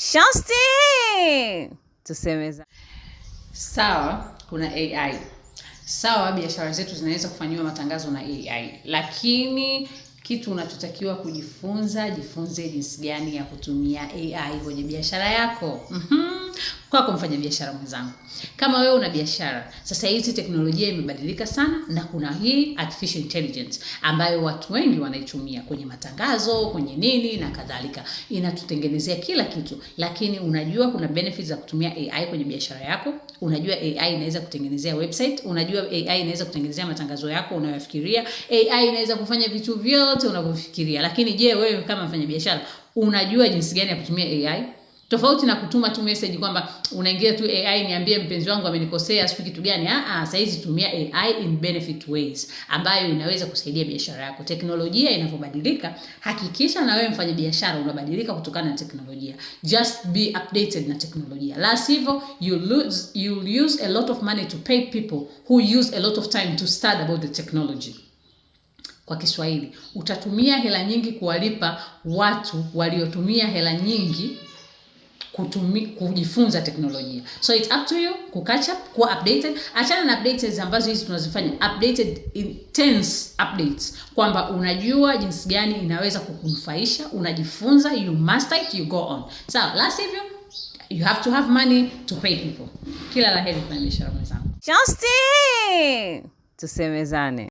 Shosti tusemeza sawa. Kuna AI sawa, biashara zetu zinaweza kufanyiwa matangazo na AI, lakini kitu unachotakiwa kujifunza, jifunze jinsi gani ya kutumia AI kwenye biashara yako. mm -hmm kwako mfanyabiashara mwenzangu. Kama wewe una biashara sasa, hizi teknolojia imebadilika sana, na kuna hii artificial intelligence ambayo watu wengi wanaitumia kwenye matangazo, kwenye nini na kadhalika, inatutengenezea kila kitu. Lakini unajua kuna benefits za kutumia AI kwenye biashara yako? Unajua AI inaweza kutengenezea website, unajua AI inaweza kutengenezea matangazo yako unayofikiria, AI inaweza kufanya vitu vyote unavyofikiria. Lakini je, wewe kama mfanyabiashara unajua jinsi gani ya kutumia AI? tofauti na kutuma tu message kwamba unaingia tu AI niambie mpenzi wangu amenikosea sijui kitu gani. Ah, ah sasa hizi tumia AI in benefit ways ambayo inaweza kusaidia biashara yako. Teknolojia inavyobadilika, hakikisha na wewe mfanye biashara unabadilika kutokana na teknolojia. Just be updated na teknolojia, la sivyo you lose you use a lot of money to pay people who use a lot of time to study about the technology. Kwa Kiswahili utatumia hela nyingi kuwalipa watu waliotumia hela nyingi kutumi, kujifunza teknolojia. So it's up to you ku catch up, kuwa updated. Achana na updates ambazo hizi tunazifanya, updated intense updates kwamba unajua jinsi gani inaweza kukunufaisha, unajifunza, you master it, you go on. so, last sivyo you you have to have money to pay people. Kila la heri kwa mishara mwenzangu. Justin, tusemezane.